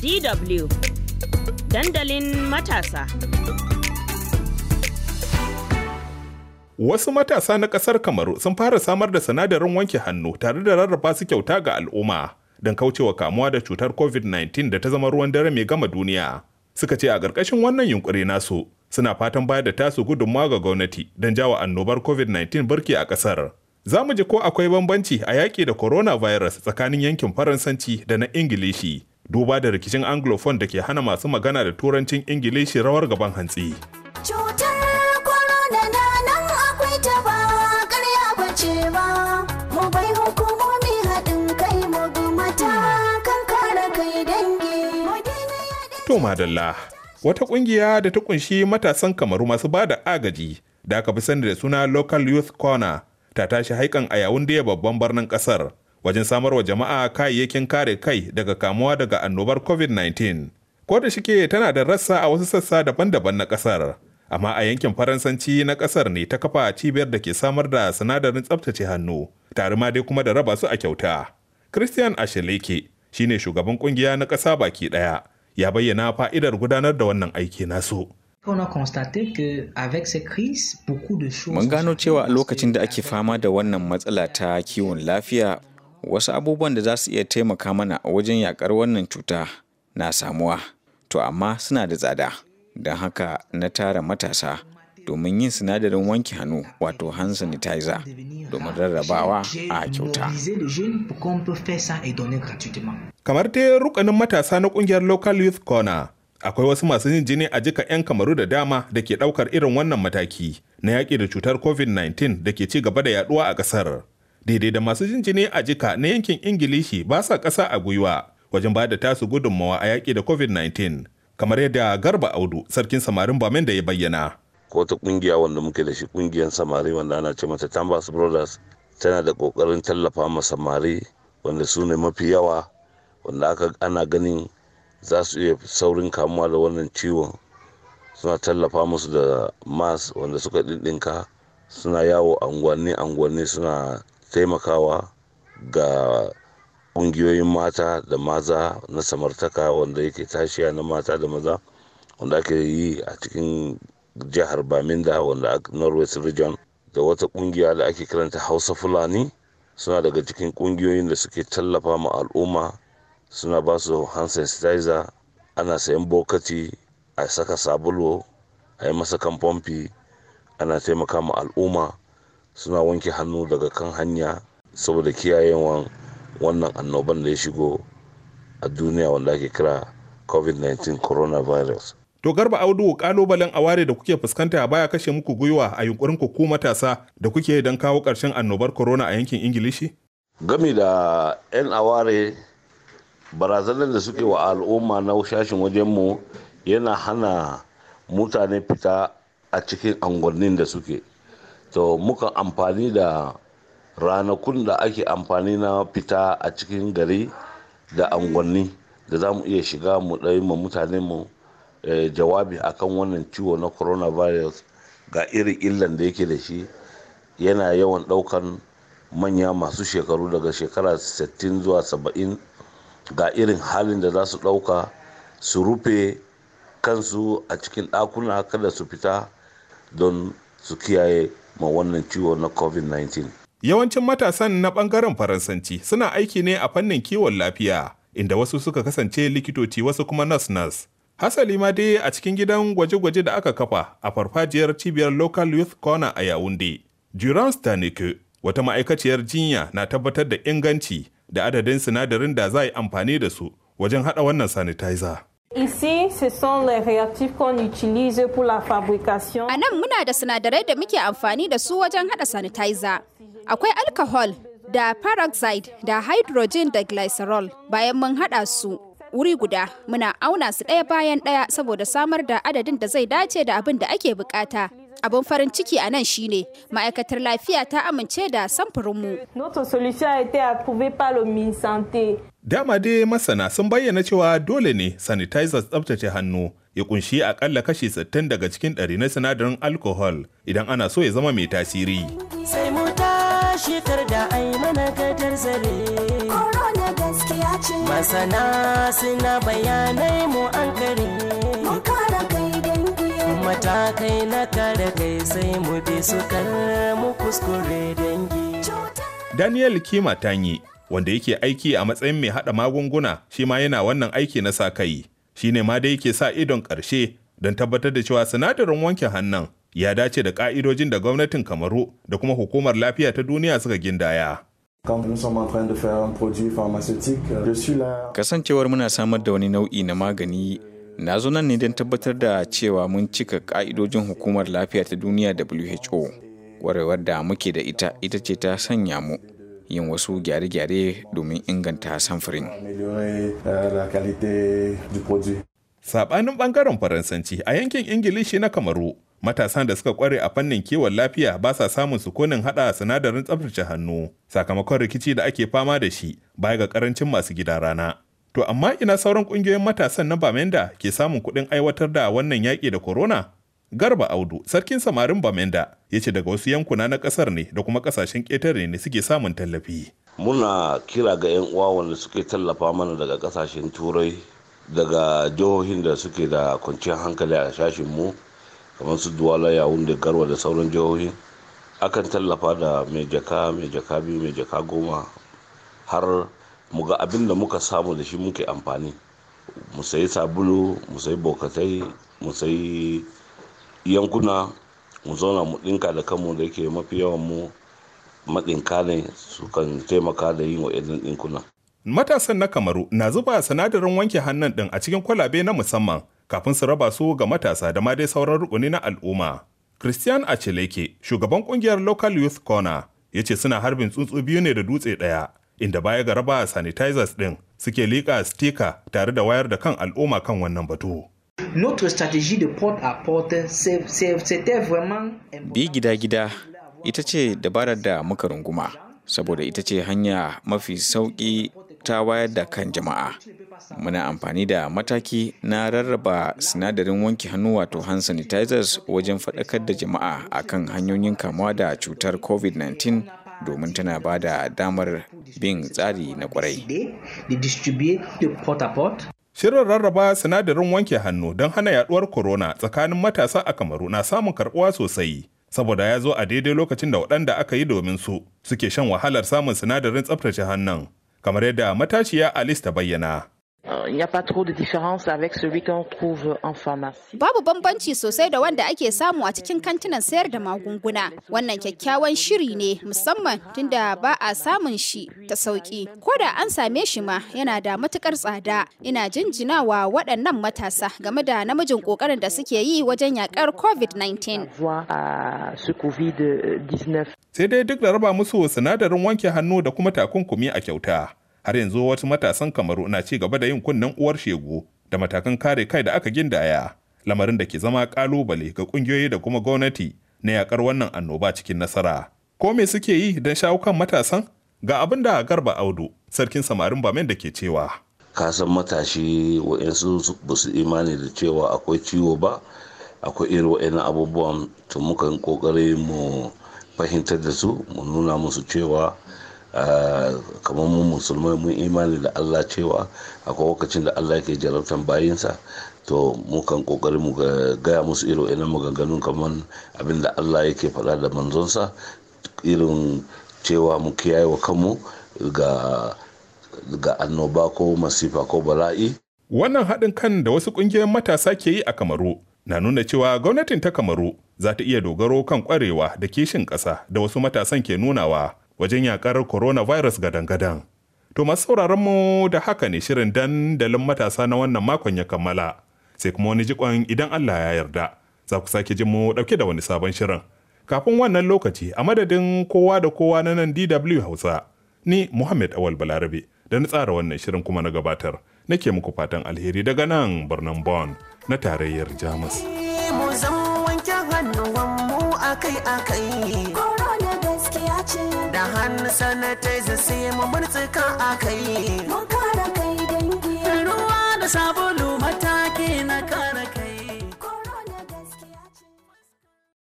DW dandalin matasa. Wasu matasa na ƙasar Kamaru sun fara samar da sanadarin wanke hannu tare da rarraba su kyauta ga al'umma don kaucewa kamuwa da cutar COVID-19 da ta zama ruwan dare mai gama duniya. Suka ce a ƙarƙashin wannan yunƙuri nasu suna fatan bayar da tasu gudunmawa ga gwamnati don jawa annobar COVID-19 birki a ƙasar. Za mu ji ko akwai bambanci a yaƙi da coronavirus tsakanin yankin Faransanci da na Ingilishi. duba da rikicin anglophone da ke hana masu magana da turancin ingilishi rawar gaban hantsi To madalla wata kungiya da ta kunshi matasan kamaru masu ba da agaji da aka fi sani da suna local youth corner ta tashi haikan a yawun da babban birnin kasar wajen samar wa jama'a kayayyakin kare kai daga kamuwa daga annobar covid-19 ko da shike tana da rassa a wasu sassa daban-daban na kasar amma a yankin faransanci na kasar ne ta kafa cibiyar da ke samar da sinadarin tsabtace hannu tare ma dai kuma da raba su a kyauta christian asheleke shine shugaban kungiya na ƙasa baki ɗaya ya bayyana fa'idar gudanar da wannan aiki nasu. Mun gano cewa a lokacin da ake fama da wannan matsala ta kiwon lafiya wasu abubuwan da za su iya taimaka mana a wajen yakar wannan cuta na samuwa to amma suna da tsada don haka na tara matasa domin yin sinadarin wanke hannu wato hand sanitizer domin rarrabawa a kyauta. Kamar ta rukanin matasa na kungiyar Local Youth Corner, akwai wasu masu yin jini a jika 'yan kamaru da dama da ke ɗaukar irin wannan mataki na yaƙi da cutar COVID-19 da ke ci gaba da yaduwa a ƙasar. daidai da masu jin jini a jika na yankin ingilishi ba sa ƙasa a gwiwa wajen ba da tasu gudunmawa a yaƙi da covid-19 kamar yadda garba audu sarkin samarin bamen da ya bayyana ko kungiya wanda muke da shi kungiyar samari wanda ana ce mata tambas brothers tana da kokarin tallafa ma samari wanda su ne mafi yawa wanda aka ana ganin za su iya saurin kamuwa da wannan ciwon suna tallafa musu da mas wanda suka ɗinɗinka suna yawo angwanni angwanni suna taimakawa ga ƙungiyoyin mata da maza na samartaka wanda yake tashiya na mata da maza wanda ake yi a cikin jihar baminda wanda norwest region da wata ƙungiya da ake kiranta hausa fulani suna daga cikin ƙungiyoyin da suke tallafa ma al'umma suna ba su hand ana sayan bokati a saka sabulu a yi masa kan fomfi ana taimaka ma al'umma suna wanke hannu daga kan hanya saboda kiyayewan wannan annoban da ya shigo a duniya wanda ake kira covid-19 coronavirus to garba audu kalubalen aware da kuke fuskanta baya kashe muku gwiwa a yunkurin ku ku matasa da kuke don kawo karshen annobar corona a yankin ingilishi gami da 'yan aware barazanar da suke wa al'umma na shashin wajenmu yana hana mutane fita a cikin angonnin da suke to muka amfani da ranakun da ake amfani na fita a cikin gari da angwanni da za mu iya shiga mu ɗai ma mutane mu eh, jawabi akan wannan ciwo na coronavirus ga irin illan da yake da shi yana yawan ɗaukan manya masu shekaru daga shekara 60 zuwa 70 ga irin halin da za su ɗauka su rufe kansu a cikin ɗakuna kada su fita don su kiyaye ma wannan ciwo na covid-19 yawancin matasan na bangaren faransanci suna aiki ne a fannin kiwon lafiya inda wasu suka kasance likitoci wasu kuma nas-nas hasali ma dai a cikin gidan gwaje-gwaje da aka kafa a farfajiyar cibiyar local youth corner a yawunde juran stanike wata ma'aikaciyar jinya na tabbatar da inganci da adadin sinadarin da za a yi amfani da su wajen haɗa wannan sanitizer Ici, ce sont les réactifs qu'on utilise pour la fabrication. A nan muna da sinadarai da muke amfani da su wajen hada sanitizer. Akwai alcohol da peroxide da hydrogen da glycerol bayan mun hada su wuri guda muna auna su ɗaya bayan ɗaya saboda samar da adadin da zai dace da abin da ake bukata Abin farin ciki a nan shine ma'aikatar lafiya ta amince da samfurinmu. Dama dai masana sun bayyana cewa dole ne sanitizers tsabtace hannu ya kunshi akalla kashi 60 daga cikin ɗari na sinadarin alkohol idan ana so ya zama mai tasiri. Sai mu tashi da ai mana gadar zare. Masana suna bayanai mu an kare. matakai na kare kai sai mu bi su mu kuskure dangi. Daniel Kima Tanyi wanda yake aiki a matsayin mai haɗa magunguna shi ma yana wannan aiki na sa kai shi ne ma dai yake sa idon ƙarshe don tabbatar da cewa sinadarin wanke hannun ya dace da ƙa'idojin da gwamnatin kamaru da kuma hukumar lafiya ta duniya suka gindaya. Kasancewar muna samar da wani nau'i na magani na zo nan ne don tabbatar da cewa mun cika ƙa'idojin hukumar lafiya ta duniya who warewar da muke da ita ita ce ta sanya mu yin wasu gyare-gyare domin inganta samfurin saɓanin ɓangaren faransanci a yankin ingilishi na kamaru matasan da suka ƙware a fannin kiwon lafiya ba sa samun sukunin hada sinadarin tsaftace hannu sakamakon rikici da ake fama da shi baya ga ƙarancin masu gida rana To amma ina sauran ƙungiyoyin matasan na Bamenda ke samun kuɗin aiwatar da wannan yaƙi da corona? Garba Audu, sarkin samarin Bamenda, ya ce daga wasu yankuna na ƙasar ne da kuma ƙasashen ƙetare ne suke samun tallafi. Muna kira ga 'yan uwa wanda suke tallafa mana daga ƙasashen Turai, daga jihohin da suke da kwanciyar hankali a shashin mu, kamar su Duwala, da Garwa da sauran jihohi Akan tallafa da mai jaka, mai jaka biyu, mai jaka goma har mu ga abin da muka samu da shi muke amfani mu sayi sabulu mu sayi bokatai mu sayi yankuna mu zauna mu ɗinka da kanmu da yake mafi yawan mu maɗinka ne sukan taimaka da yin wa'idin ɗinkuna. Matasan na Kamaru na zuba sinadarin wanke hannun ɗin a cikin kwalabe na musamman kafin su raba su ga matasa da ma dai sauran rukuni na al'umma. Christian Acheleke, shugaban kungiyar Local Youth Corner, ya ce suna harbin tsuntsu biyu ne da dutse ɗaya inda baya ga raba sanitizers din suke liƙa stika tare da wayar da kan al'umma kan wannan batu. Notre stratégie de Bi gida-gida ita ce dabarar da muka runguma, saboda ita ce hanya mafi sauƙi ta wayar da kan jama'a. Muna amfani da mataki na rarraba sinadarin wanke hannu wato hand sanitizers wajen faɗakar da jama'a akan hanyoyin kamuwa da cutar COVID-19 domin tana ba da damar bin tsari na kwarai. Shirin rarraba sinadarin wanke hannu don hana yaduwar corona tsakanin matasa a Kamaru na samun karbuwa sosai. Saboda ya zo a daidai lokacin da waɗanda aka yi domin su suke shan wahalar samun sinadarin tsaftace hannun, kamar yadda matashiya Alice ta bayyana. Euh, il n'y a pas trop de différence avec celui qu'on trouve en pharmacie. Babu bambanci sosai da wanda ake samu a cikin kantinan sayar da magunguna. Wannan kyakkyawan shiri ne musamman tunda ba a samun shi ta sauki. Ko da an same shi ma yana da matukar tsada. Ina jinjinawa waɗannan matasa game da namijin ƙoƙarin da suke yi wajen yaƙar COVID-19. Euh, Sai dai duk da raba musu sinadarin wanke hannu da kuma takunkumi a kyauta. har yanzu wasu matasan kamaru na ci gaba da yin kunnen uwar shegu da matakan kare kai da aka gindaya lamarin da ke zama kalubale ga kungiyoyi da kuma gwamnati na yakar wannan annoba cikin nasara ko me suke yi don shawo kan matasan ga abin da garba audu sarkin samarin bamen da ke cewa ka san matashi wa'yansu ba su imani da cewa akwai ciwo ba akwai irin wa'yannan abubuwan to mukan kokari mu fahimtar da su mu nuna musu cewa Ah, kamar mu musulmai mun imani da allah cewa akwai lokacin da allah ke jarabtan bayinsa to mukan kokari mu gaya musu irin ina maganganun kamar abin da allah yake faɗa da manzonsa irin cewa mu kiyaye wa kanmu ga annoba ko masifa ko bala'i. Wannan haɗin kan da wasu ƙungiyoyin matasa ke yi a Kamaru na nuna cewa gwamnatin ta Kamaru za ta iya dogaro kan kwarewa da kishin ƙasa da wasu matasan ke nunawa wajen yakar coronavirus gadan-gadan. To masu sauraron mu da haka ne shirin dandalin matasa na wannan makon ya kammala. Sai kuma wani jikon idan Allah ya yarda. Za ku sake jin mu dauke da wani sabon shirin. Kafin wannan lokaci a madadin kowa da kowa na nan DW Hausa. Ni Muhammad Awal Balarabe da na tsara wannan shirin kuma na gabatar. Nake muku fatan alheri daga nan birnin Bonn na tarayyar Jamus. wanke hannuwan mu akai akai corona gaskiya ce da hannu sanitizer sai mu a kai. Mun kare kai dangi ruwa da sabulu mataki na kare